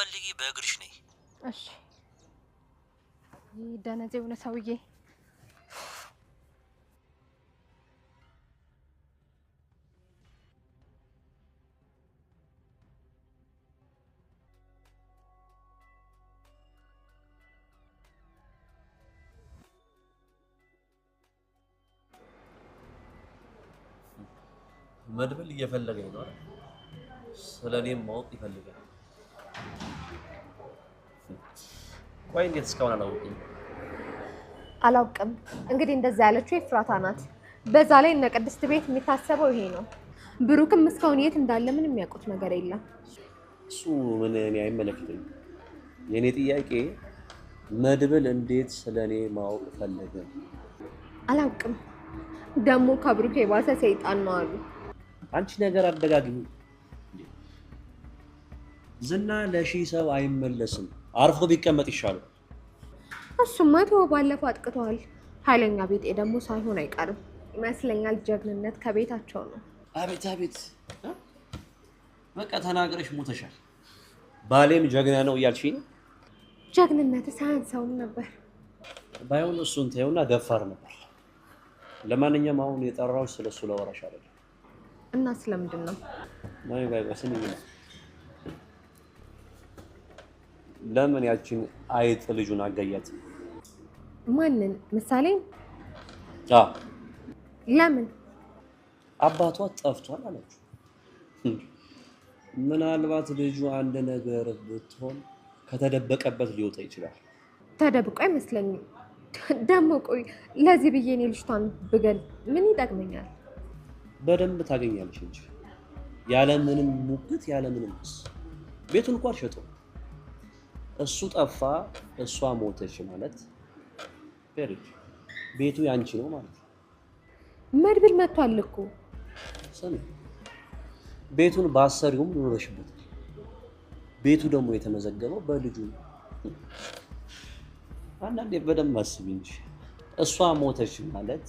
ስትፈልጊ በእግርሽ ነይ። እሺ። ይህ ደነዜ የሆነ ሰውዬ መድብል እየፈለገኝ ነው። ስለኔም ማወቅ ይፈልጋል። ቆይ እንዴት እስካሁን አላወቅም? አላውቅም። እንግዲህ እንደዛ ያለችው ኤፍራታ ናት። በዛ ላይ እነ ቅድስት ቤት የሚታሰበው ይሄ ነው። ብሩክም እስካሁን የት እንዳለ ምንም የሚያውቁት ነገር የለም። እሱ ምን እኔ አይመለከተኝም። የእኔ ጥያቄ መድብል እንዴት ስለ እኔ ማወቅ ፈለገ? አላውቅም። ደግሞ ከብሩክ የባሰ ሰይጣን ነው አሉ። አንቺ ነገር አደጋግሚ። ዝና ለሺህ ሰው አይመለስም። አርፎ ቢቀመጥ ይሻላል። እሱማ ተወው፣ ባለፈው አጥቅተዋል። ኃይለኛ ቤጤ ደግሞ ሳይሆን አይቀርም ይመስለኛል። ጀግንነት ከቤታቸው ነው። አቤት አቤት፣ በቃ ተናግረሽ ሞተሻል። ባሌም ጀግና ነው እያልሽ ነው? ጀግንነት ሳያንሰውም ነበር። ባይሆን እሱን ተይውና ደፋር ነበር። ለማንኛውም አሁን የጠራሁሽ ስለሱ ለወራሽ አይደለም እና ስለምንድን ነው? ለምን ያችን አይጥ ልጁን አገያት? ማንን? ምሳሌ? ለምን? አባቷ ጠፍቷል አለችው። ምናልባት ልጁ አንድ ነገር ብትሆን ከተደበቀበት ሊወጣ ይችላል። ተደብቆ አይመስለኝም። ደግሞ ቆይ ለዚህ ብዬ እኔ ልጅቷን ብገል ምን ይጠቅመኛል? በደንብ ታገኛለች እንጂ ያለምንም ሙግት ያለምንም ስ ቤቱን እንኳን ሸጦ እሱ ጠፋ፣ እሷ ሞተች ማለት ፔሪድ ቤቱ ያንቺ ነው ማለት ነው። መድብል መጥቷል እኮ ቤቱን ባሰሪውም ኖረሽበት፣ ቤቱ ደግሞ የተመዘገበው በልጁ ነው። አንዳንዴ በደንብ አስቢ እንጂ እሷ ሞተች ማለት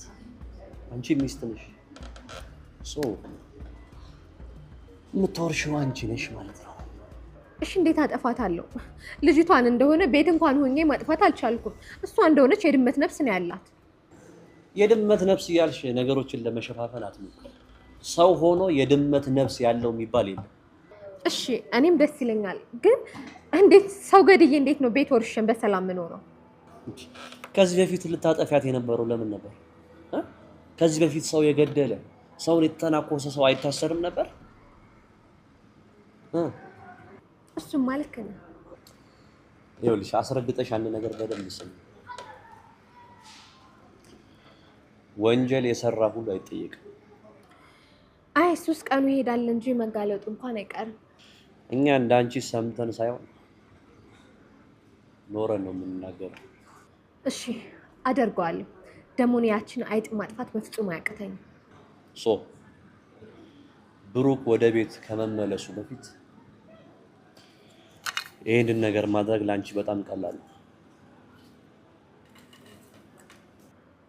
አንቺ ሚስት ነሽ፣ የምታወርሽው አንቺ ነሽ ማለት ነው። እሺ እንዴት አጠፋታለሁ? ልጅቷን እንደሆነ ቤት እንኳን ሆኜ ማጥፋት አልቻልኩም። እሷ እንደሆነች የድመት ነፍስ ነው ያላት። የድመት ነፍስ እያልሽ ነገሮችን ለመሸፋፈን አትሞክሪ። ሰው ሆኖ የድመት ነፍስ ያለው የሚባል የለም። እሺ እኔም ደስ ይለኛል፣ ግን እንዴት ሰው ገድዬ እንዴት ነው ቤት ወርሽን በሰላም ምኖረው? ከዚህ በፊት ልታጠፊያት የነበረው ለምን ነበር? ከዚህ በፊት ሰው የገደለ ሰውን የተተናኮሰ ሰው አይታሰርም ነበር? እሱማ ልክ ነው። ይኸውልሽ አስረግጠሽ አንድ ነገር በደንብ ስሚ። ወንጀል የሰራ ሁሉ አይጠየቅም። አይ እሱስ ቀኑ ይሄዳል እንጂ መጋለጡ እንኳን አይቀርም። እኛ እንደ አንቺ ሰምተን ሳይሆን ኖረን ነው የምንናገረው። እሺ አደርገዋለሁ። ደሞን እኔ ያችን አይጥ ማጥፋት በፍጹም አያቅተኝም። ሶ ብሩክ ወደ ቤት ከመመለሱ በፊት ይህንን ነገር ማድረግ ለአንቺ በጣም ቀላል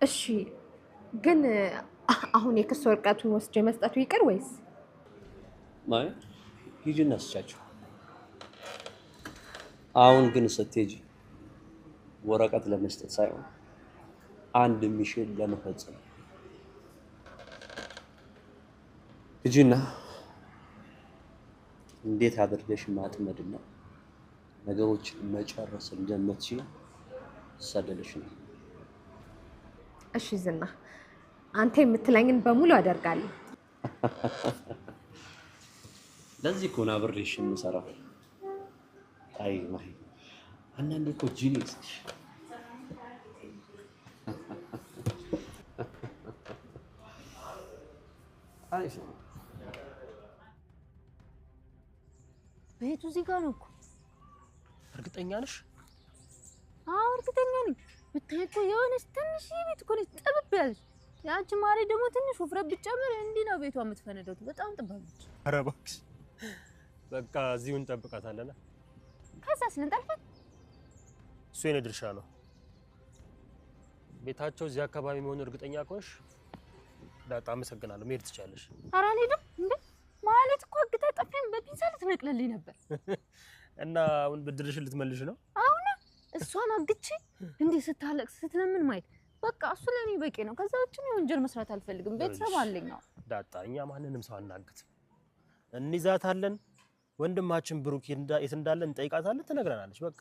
እሺ፣ ግን አሁን የክስ ወረቀቱን ወስጄ መስጠቱ ይቅር ወይስ? ሂጂ እናስቻቸው። አሁን ግን ስትሄጂ ወረቀት ለመስጠት ሳይሆን አንድ ሚሽን ለመፈጸም ሂጂና እንዴት አድርገሽ ነው? ነገሮች መጨረስ እንደምትችል ሰልልሽ ነው። እሺ ዝና፣ አንተ የምትለኝን በሙሉ አደርጋለሁ። ለዚህ እኮ ነው አብሬሽ የምሰራው። አይ ማይ አንዳንዴ እኮ ጂኒስ ነሽ። ቤቱ እዚህ ጋር ነው እኮ እርግጠኛ ነሽ? አዎ እርግጠኛ ነኝ። ብታይ እኮ የሆነች ትንሽ ቤት እኮ ነች፣ ጥብብ ያለች። ያቺ ማሬ ደግሞ ትንሽ ውፍረት ብትጨምር እንዲህ ነው ቤቷ የምትፈነደው። በጣም ጥባለች። ኧረ እባክሽ በቃ እዚሁ እንጠብቃታለን። ከዛስ ልንጠልፈት? እሱ የኔ ድርሻ ነው። ቤታቸው እዚህ አካባቢ መሆኑ እርግጠኛ ከሆንሽ ዳጣ፣ አመሰግናለሁ። መሄድ ትቻለሽ። ኧረ አልሄድም እንዴ ማለት እኮ አግታ ጠፊን በፒንሳ ልትነቅልልኝ ነበር እና አሁን ብድርሽን ልትመልሽ ነው? አሁን እሷን አግቼ እንዴ ስታለቅስ ስትለምን ማየት በቃ እሱ ለኔ በቂ ነው። ከዛ ውጭ ወንጀል መስራት አልፈልግም። ቤተሰብ አለኝ። ዳጣ እኛ ማንንም ሰው አናግትም። እንይዛታለን። ወንድማችን ብሩክ የት እንዳለ እንጠይቃታለን። ትነግረናለች። በቃ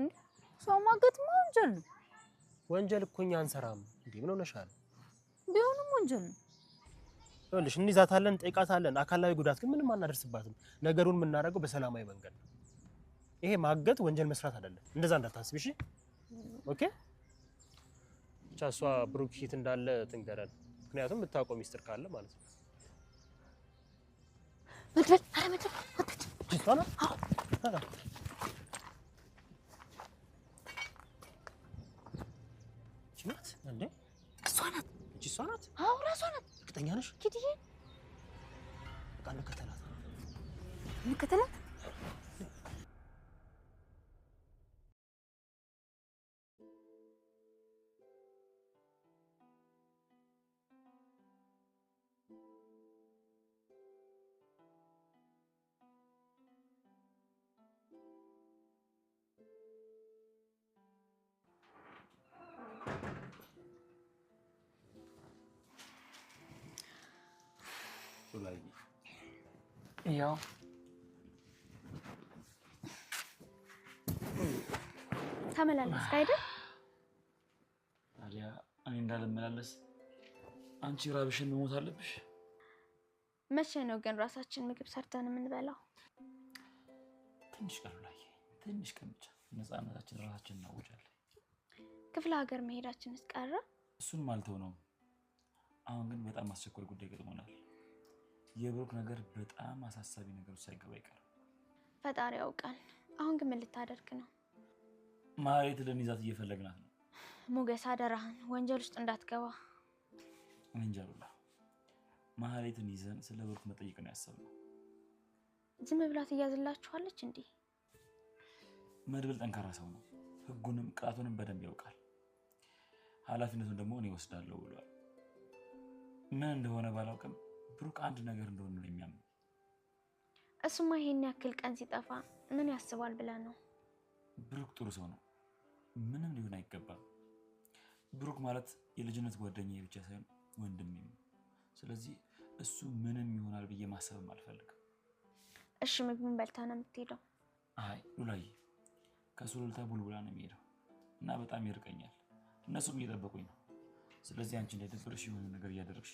እንዴ ሰው ማገት ወንጀል ነው። ወንጀል እኮ እኛ አንሰራም። እንዴ ምን ሆነሻል? ቢሆንም ወንጀል ነው። ይኸውልሽ እንይዛታለን፣ እንጠይቃታለን። አካላዊ ጉዳት ግን ምንም አናደርስባትም። ነገሩን የምናደርገው በሰላማዊ መንገድ ነው። ይሄ ማገት ወንጀል መስራት አይደለም፣ እንደዛ እንዳታስብ እሺ። ኦኬ። ብቻ እሷ ብሩክ ሂት እንዳለ ትንገረን፣ ምክንያቱም ብታውቀው ሚስጥር ካለ ማለት ነው። መድብል፣ ኧረ ያው ተመላለስክ አይደል? ታዲያ እኔ እንዳልመላለስ አንቺ ራብሽን መሞት አለብሽ። መቼ ነው ግን ራሳችን ምግብ ሰርተን የምንበላው? ትንሽ ቀን ላይ ትንሽ ቀን ብቻ ነፃነታችን ራሳችን እናውጃለን። ክፍለ ሀገር መሄዳችን እስቀረ እሱን ማልተው ነው። አሁን ግን በጣም አስቸኳይ ጉዳይ ገጥሞናል። የብሩክ ነገር በጣም አሳሳቢ ነገር ሳይገባ አይቀርም። ፈጣሪ ያውቃል። አሁን ግን ምን ልታደርግ ነው? ማሬት ልንይዛት እየፈለግናት ነው። ሞገስ አደራህን ወንጀል ውስጥ እንዳትገባ። ወንጀሉላ ማህሌትን ይዘን ስለ ብሩክ መጠየቅ ነው ያሰብነው። ዝም ብላ ትያዝላችኋለች እንዴ? መድብል ጠንካራ ሰው ነው። ህጉንም ቅጣቱንም በደንብ ያውቃል። ኃላፊነቱን ደግሞ እኔ ወስዳለሁ ብሏል። ምን እንደሆነ ባላውቅም ብሩክ አንድ ነገር እንደሆነ ነው የሚያምነው። እሱማ ይሄን ያክል ቀን ሲጠፋ ምን ያስባል ብለን ነው። ብሩክ ጥሩ ሰው ነው፣ ምንም ሊሆን አይገባም። ብሩክ ማለት የልጅነት ጓደኛዬ ብቻ ሳይሆን ወንድም ነው። ስለዚህ እሱ ምንም ይሆናል ብዬ ማሰብም አልፈልግም። እሺ፣ ምግቡን በልታ ነው የምትሄደው? አይ ሉላዬ፣ ከሱሉልታ ቡልቡላ ነው የሚሄደው እና በጣም ይርቀኛል። እነሱም እየጠበቁኝ ነው። ስለዚህ አንቺ እንዳይደብርሽ የሆነ ነገር እያደረግሽ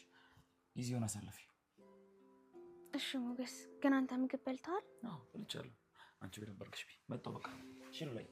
ጊዜውን አሳለፊ። እሺ ሞገስ፣ ግን አንተ ምግብ በልተዋል አዎ በልቻለሁ። አንቺ ግን መጣሁ። በቃ ሽሉ ላይ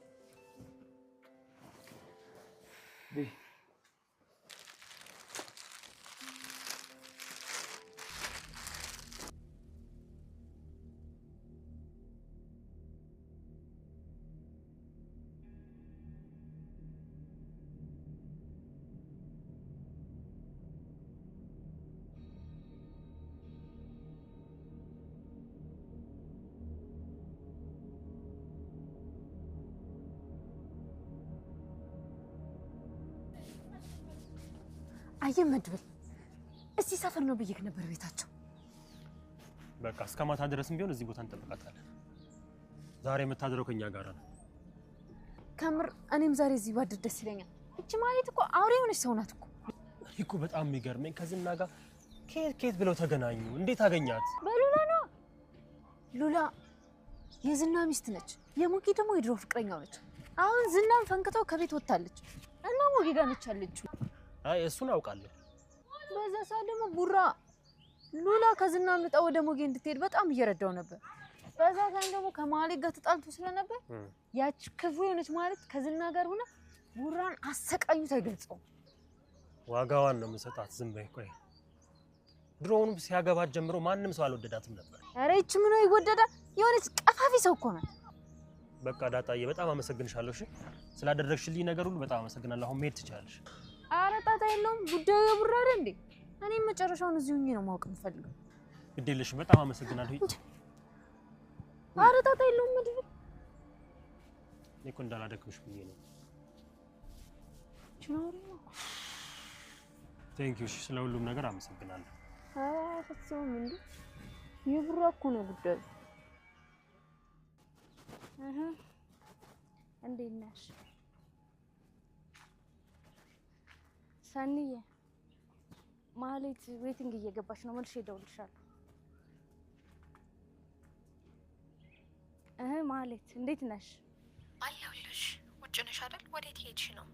አየ መድብል፣ እዚህ ሰፈር ነው ብዬ ነበር ቤታቸው። በቃ እስከ ማታ ድረስም ቢሆን እዚህ ቦታ እንጠብቃታለን። ዛሬ የምታድረው ከኛ ጋር ነው። ከምር እኔም ዛሬ እዚህ ባድር ደስ ይለኛል። እቺ ማለት እኮ አውሬ የሆነች ሰው ናት እኮ። እኔ እኮ በጣም የሚገርመኝ ከዝና ጋር ኬት ኬት ብለው ተገናኙ? እንዴት አገኛት? በሉላ ነው። ሉላ የዝና ሚስት ነች። የሙጌ ደግሞ የድሮ ፍቅረኛው ነች። አሁን ዝናን ፈንክተው ከቤት ወጥታለች እና ሙጌ ጋር ነች አለችው። አይ እሱን አውቃለሁ። በዛ ሰዓት ደግሞ ቡራ ሉላ ከዝና ምጣ ወደ ሞጌ እንድትሄድ በጣም እየረዳው ነበር። በዛ ታይም ደግሞ ከማሌ ጋር ተጣልቶ ስለነበር ያች ክፉ የሆነች ማለት ከዝና ጋር ሆነ ቡራን አሰቃዩት። አይገልጸውም። ዋጋዋን ነው የምሰጣት። ዝም በይ ቆይ። ድሮውንም ሲያገባት ጀምሮ ማንም ሰው አልወደዳትም ነበር። ኧረ ይች ምን ይወደዳል? የሆነች ቀፋፊ ሰው እኮ ናት። በቃ ዳጣዬ፣ በጣም አመሰግንሻለሁ። እሺ ስላደረግሽልኝ ነገር ሁሉ በጣም አመሰግናለሁ። አሁን መሄድ ትችላለሽ። ኧረ ጣጣ የለውም። ጉዳዩ የቡራ አይደል እንዴ? እኔም መጨረሻውን እዚሁ ሁኜ ነው ማወቅ የምፈልገው። ግድ በጣም አመሰግናለሁ። ኧረ ጣጣ የለውም። መድብ እኔ እኮ እንዳላደክምሽ ብዬ ነው። ቴንክ ዩ ስለ ሁሉም ነገር አመሰግናለሁ። አፈሰውም እንዴ የቡራ እኮ ነው ጉዳዩ። እንዴት ነሽ? ሰኒዬ ማህሌት ዌቲንግ እየገባች ነው። መልሼ እደውልልሻለሁ። እህ ማህሌት እንዴት ነሽ? አየሁልሽ። ውጭ ነሽ አይደል? ወዴት ሄድሽ ነው?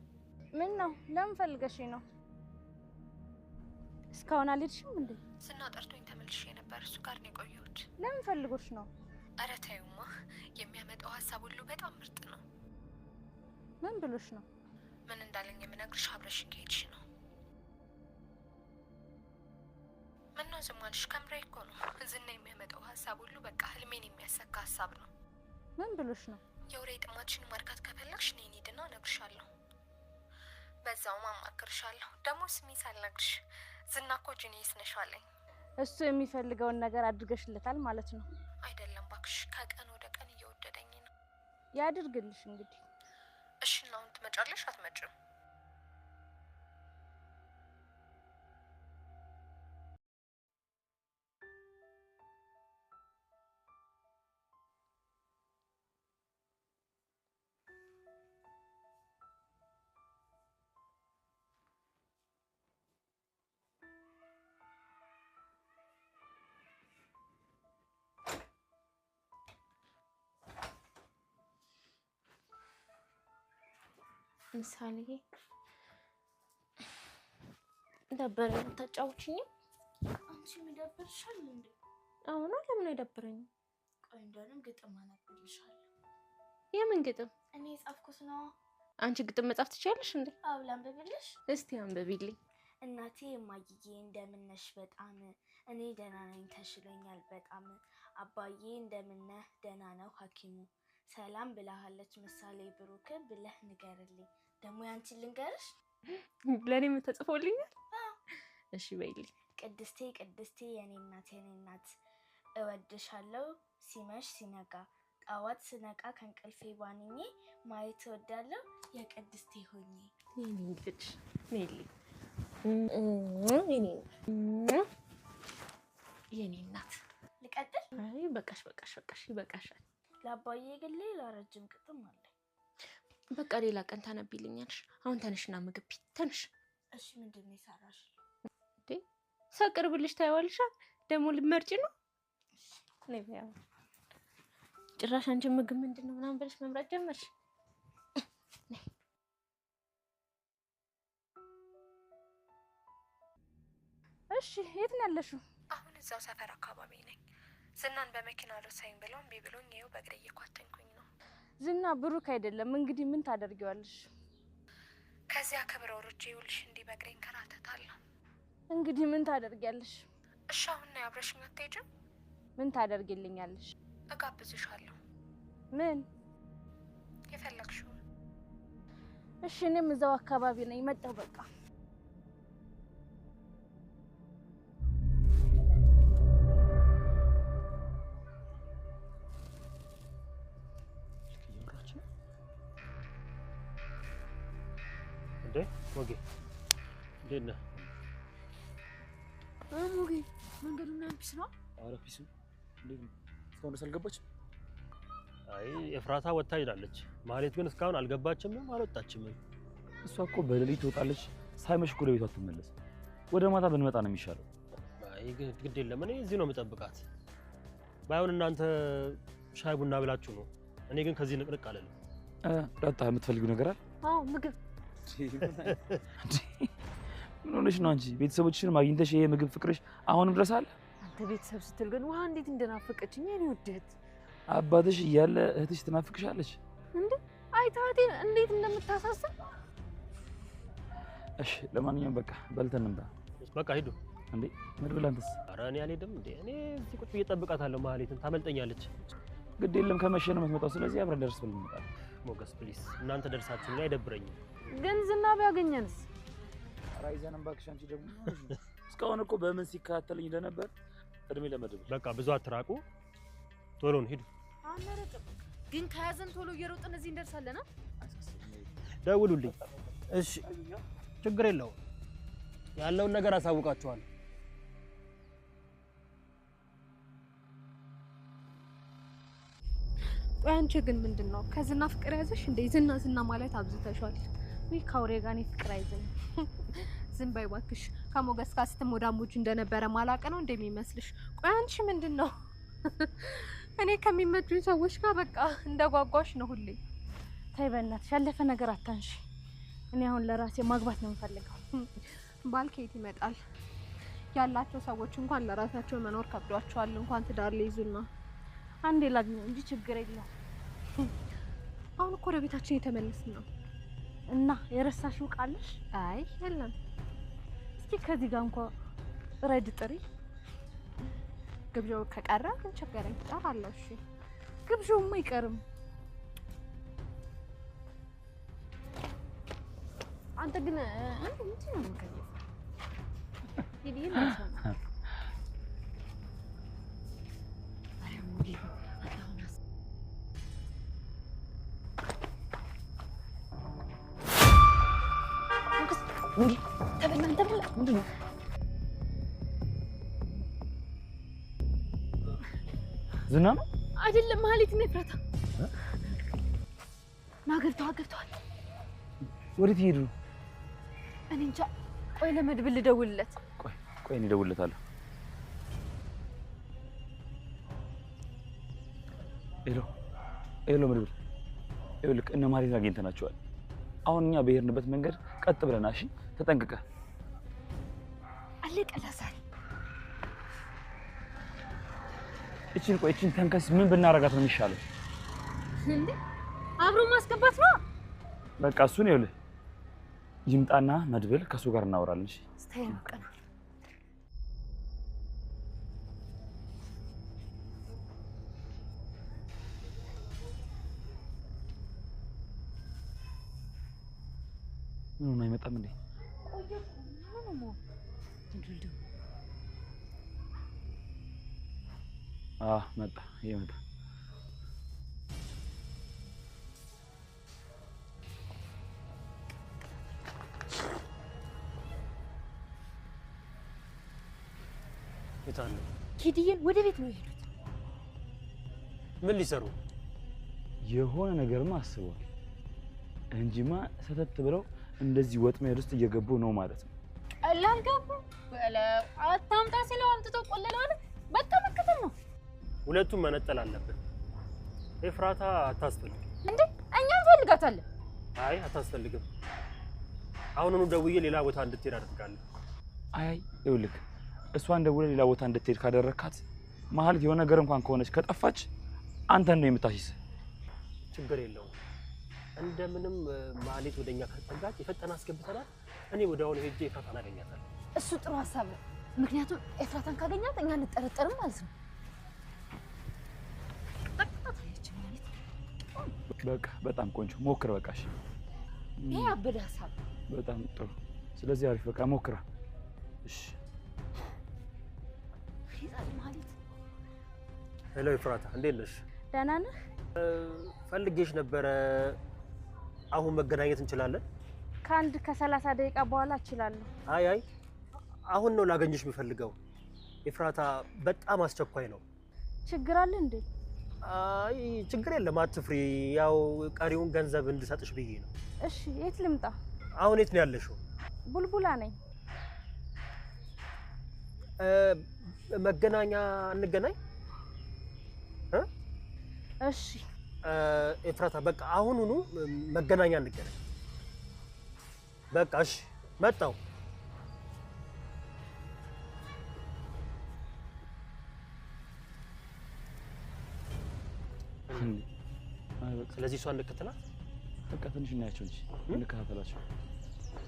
ምን ነው? ለምን ፈልገሽ ነው? እስካሁን አልሄድሽም እንዴ? ዝና ተመልሼ ነበር። እሱ ጋር ነው የቆየሁት። ለምን ፈልጎሽ ነው? ኧረ ተይውማ፣ የሚያመጣው ሀሳብ ሁሉ በጣም ምርጥ ነው። ምን ብሎሽ ነው? ምን እንዳለኝ የምነግርሽ አብረሽ ከሄድሽ ነው ለምን ዝም አልሽ? ከምሬ እኮ ነው። ዝና የሚያመጣው ሀሳብ ሁሉ በቃ ህልሜን የሚያሰካ ሀሳብ ነው። ምን ብሎሽ ነው? የውሬ ጥማትሽን ማርካት ከፈለግሽ እኔ እንሂድና እነግርሻለሁ። በዛውም አማክርሻለሁ። ደግሞ ስሚ ሳልነግርሽ ዝና እኮ ጂኒየስ ነሽ አለኝ። እሱ የሚፈልገውን ነገር አድርገሽለታል ማለት ነው? አይደለም ባክሽ፣ ከቀን ወደ ቀን እየወደደኝ ነው። ያድርግልሽ እንግዲህ። እሺ፣ ትመጫለሽ አትመጭም? ምሳሌ ደበረ ታጫውችኝም አንቺ የሚደብርሻል እንዴ? አሁን ለምን አይደብረኝም? ቆይ እንደውም ግጥም አነብልሻለሁ። የምን ግጥም? እኔ የጻፍኩት ነው። አንቺ ግጥም መጻፍ ትችያለሽ እንዴ? አዎ ላንብብልሽ። እስቲ አንብብልኝ። እናቴ እማዬ እንደምነሽ በጣም እኔ ደህና ነኝ ተሽሎኛል በጣም አባዬ እንደምነህ ደህና ነው ሐኪሙ ሰላም ብላሃለች ምሳሌ ብሩክ ብለህ ንገርልኝ። ደግሞ ያንቺን ልንገርሽ። ለእኔ የምትጽፎልኛል? እሺ በይልኝ። ቅድስቴ ቅድስቴ፣ የኔ እናት የኔ እናት፣ እወድሻለሁ ሲመሽ ሲነጋ፣ ጠዋት ስነቃ ከእንቅልፌ ባንኜ ማየት እወዳለሁ የቅድስቴ ሆኜ። የኔ ልጅ ነይልኝ፣ የኔ እናት። ልቀጥል? በቃሽ በቃሽ በቃሽ፣ ይበቃሻል ለአባዬ ግን ሌላ ረጅም ቅጥም አለ በቃ ሌላ ቀን ታነቢልኛለሽ። አሁን ተነሽና ምግብ ፊት ተነሽ። እሺ ምንድን ነው የሰራሽ? እንዴ ሳቅርብልሽ ታይዋልሻ። ደግሞ ልመርጭ ነው ጭራሽ። አንቺ ምግብ ምንድን ነው ምናምን ብለሽ መምራት ጀመርሽ። እሺ የት ነው ያለሽው? አሁን እዛው ሰፈር አካባቢ ነኝ። ዝናን በመኪና ልወስደኝ ብለው እምቢ ብሎኝ ይኸው በእግሬ እየኳተንኩኝ ነው። ዝና ብሩክ አይደለም እንግዲህ ምን ታደርጊዋለሽ? ከዚያ ክብረ ወርጄ ይውልሽ እንዲህ በእግሬ እንከራተታለሁ። እንግዲህ ምን ታደርጊያለሽ? እሺ አሁን ነው አብረሽኝ አትሄጂም? ምን ታደርጊልኛለሽ? እጋብዝሻለሁ። ምን የፈለግሽው? እሺ እኔም እዛው አካባቢ ነኝ፣ መጣሁ በቃ ቢሱ እንዴት ነው? እስካሁን ድረስ አልገባችም? አይ ኤፍራታ ወጥታ ሄዳለች። ማለት ግን እስካሁን አልገባችም፣ አልወጣችም። እሷ እኮ በሌሊት ትወጣለች፣ ሳይመሽ እኮ ለቤቷ ትመለስ። ወደ ማታ ብንመጣ ነው የሚሻለው። አይ ግድ የለም፣ እኔ እዚህ ነው የምጠብቃት። ባይሆን እናንተ ሻይ ቡና ብላችሁ ነው። እኔ ግን ከዚህ ንቅንቅ አለልም። ዳጣ የምትፈልጊው ነገር አለ? አዎ ምግብ። ምን ሆነሽ ነው አንቺ? ቤተሰቦችሽን ማግኝተሽ ይሄ ምግብ ፍቅርሽ አሁንም ድረስ አለ? ቤተሰብ ስትል ግን ውሃ እንዴት እንደናፈቀችኝ የኔ ውድህት። አባትሽ እያለ እህትሽ ትናፍቅሻለች እንዴ? አይታቴ እንዴት እንደምታሳስብ። እሺ ለማንኛውም በቃ በልተን እንብላ። በቃ ሂዱ። እንዴ መድብል አንተስ? ኧረ እኔ አልሄድም። እንዴ እኔ እዚህ ቁጭ ብዬ እጠብቃታለሁ። ማህሌትን ታመልጠኛለች። ግድ የለም ከመሸ ነው የምትመጣው። ስለዚህ አብረን ደርስ ብለን እንመጣለን። ሞገስ ፕሊስ፣ እናንተ ደርሳችሁ ላይ አይደብረኝም። ግን ዝናብ ያገኘንስ? ኧረ አይዘንም እባክሽ። አንቺ ደግሞ እስካሁን እኮ በምን ሲከታተልኝ እንደነበር እድሜ ለመድብ በቃ ብዙ አትራቁ። ቶሎ ነው ሂዱ። አንረቅም ግን ከያዘን ቶሎ እየሮጥን እዚህ እንደርሳለና ደውሉልኝ። እሺ ችግር የለውም። ያለውን ነገር አሳውቃችኋል። ቆይ አንቺ ግን ምንድን ነው ከዝና ፍቅር ያዘሽ እንዴ? ዝና ዝና ማለት አብዝተሻል። ወይ ከአውሬ ጋር እኔ ፍቅር አይዘኝም። ዝም በይ እባክሽ። ከሞገስ ጋር ስትሞዳሞች እንደነበረ ማላቅ ነው እንደሚመስልሽ? ቆይ አንቺ ምንድን ነው? እኔ ከሚመጁኝ ሰዎች ጋር በቃ እንደ ጓጓሽ ነው ሁሌ። ተይ በእናትሽ፣ ያለፈ ነገር አታንሺ። እኔ አሁን ለራሴ ማግባት ነው የምፈልገው። ባል ከየት ይመጣል? ያላቸው ሰዎች እንኳን ለራሳቸው መኖር ከብዷቸዋል፣ እንኳን ትዳር ሊይዙና። አንዴ ላግኘው እንጂ ችግር የለም። አሁን እኮ ወደ ቤታችን የተመለስን ነው እና የረሳሽው ቃልሽ? አይ የለም። እስኪ ከዚህ ጋር እንኳ ረድ ጥሪ ግብዣው ከቀረ ምን ቸገረኝ፣ እጠራለሁ። እሺ ግብዣውም አይቀርም። አንተ ግን ምንድን ነው ዝና ነው አይደለም? ማህሌት ነው። ኤፍራታ ናገርተዋል፣ ገብተዋል። ወዴት ይሄዱ? እኔ እንጃ። ቆይ ለመድብል ልደውልለት። ቆይ ቆይ፣ እኔ እደውልለታለሁ። ሄሎ ሄሎ፣ መድብል ይኸውልህ፣ እነ ማህሌት አግኝተናቸዋል። አሁን እኛ በሄድንበት መንገድ ቀጥ ብለና፣ እሺ ተጠንቅቀህ አለቀላሳት እችን ቆይ እችን ተንከስ ምን ብናረጋት ነው የሚሻለው? እንዴ አብሮ ማስገባት ነው። በቃ እሱን ይኸውልህ ይምጣና መድብል ከሱ ጋር እናወራለን። እሺ ስታይል ቀና ምን አይመጣም እንዴ? መጣ ይመጣ ኪድዬን ወደ ቤት ነው የሄዱት። ምን ሊሰሩ የሆነ ነገርማ አስበዋል እንጂማ ሰተት ብለው እንደዚህ ወጥመድ ውስጥ እየገቡ ነው ማለት ነው። ቀላል ገቡ በለው። አታምጣ ሲለው አምጥቶ ቆለለ ማለት በጣም መከተል ነው። ሁለቱም መነጠል አለብን። ኤፍራታ አታስፈልግም እንዴ? እኛ እንፈልጋታለን። አይ አታስፈልግም። አሁኑኑ ደውዬ ሌላ ቦታ እንድትሄድ አድርጋለሁ። አይ ይኸውልህ፣ እሷን ደውለህ ሌላ ቦታ እንድትሄድ ካደረካት መሀል የሆነ ነገር እንኳን ከሆነች ከጠፋች አንተ ነው የምታሽስ። ችግር የለውም። እንደምንም ማሌት ወደኛ ከተጠጋች የፈጠነ አስገብተናት እኔ ወደ አሁን ሄጄ ኤፍራታን አገኛታለሁ። እሱ ጥሩ ሀሳብ ነው። ምክንያቱም ኤፍራታን ካገኛት እኛ አንጠረጠርም ማለት ነው። በቃ በጣም ቆንጆ ሞክር። በቃ እሺ፣ ይሄ አበደ ሀሳብ። በጣም ጥሩ። ስለዚህ አሪፍ በቃ ሞክራ። እሺ። ሄሎ ይፍራታ፣ እንዴት ነሽ? ደህና ነህ? ፈልጌሽ ነበረ። አሁን መገናኘት እንችላለን? ከአንድ ከሰላሳ ደቂቃ በኋላ እችላለሁ። አይ አይ፣ አሁን ነው ላገኝሽ የምፈልገው። ይፍራታ፣ በጣም አስቸኳይ ነው። ችግር አለ እንዴ? አይ ችግር የለም አትፍሪ። ያው ቀሪውን ገንዘብ እንድሰጥሽ ብዬ ነው። እሺ የት ልምጣ? አሁን የት ነው ያለሽው? ቡልቡላ ነኝ። መገናኛ እንገናኝ። እሺ ኤፍራታ፣ በቃ አሁኑኑ መገናኛ እንገናኝ። በቃ እሺ፣ መጣሁ። ስለዚህ እሷን ልክትናት። በቃ ትንሽ እናያቸው እንጂ እንከታተላቸው።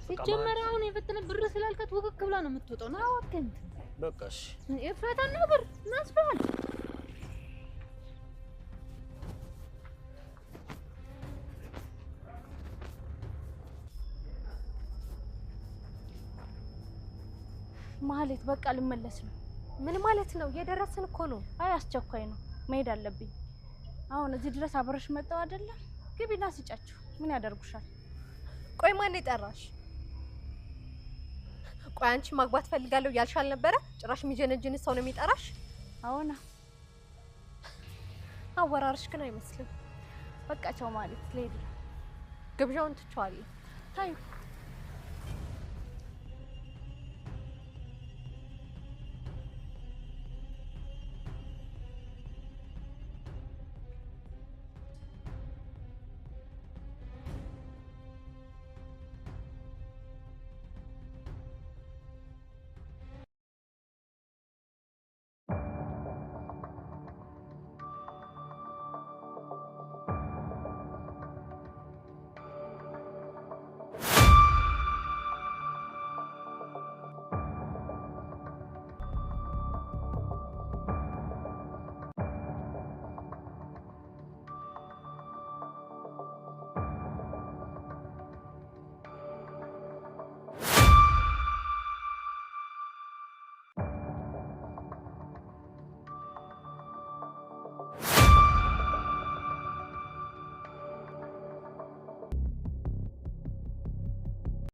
ሲጀመር አሁን የፈተነ ብር ስላልካት ውክክ ብላ ነው የምትወጣው። ና ወከንት በቃሽ። እሺ፣ የፍራታ ነው ብር ናስፈል ማህሌት፣ በቃ ልመለስ ነው። ምን ማለት ነው? የደረስን እኮ ነው። አይ አስቸኳይ ነው፣ መሄድ አለብኝ። አሁን እዚህ ድረስ አብረሽ መጣው አይደለም? ግቢና ስጫችሁ ምን ያደርጉሻል? ቆይ ማን የጠራሽ? ቆይ አንቺ ማግባት ፈልጋለሁ ያልሻል ነበረ ጭራሽ የሚጀነጅን ሰው ነው የሚጠራሽ? አዎና። አወራርሽ ግን አይመስልም። በቃ ቻው ማለት ልሄድ ግብዣውን ትቸዋለሁ። ታዩ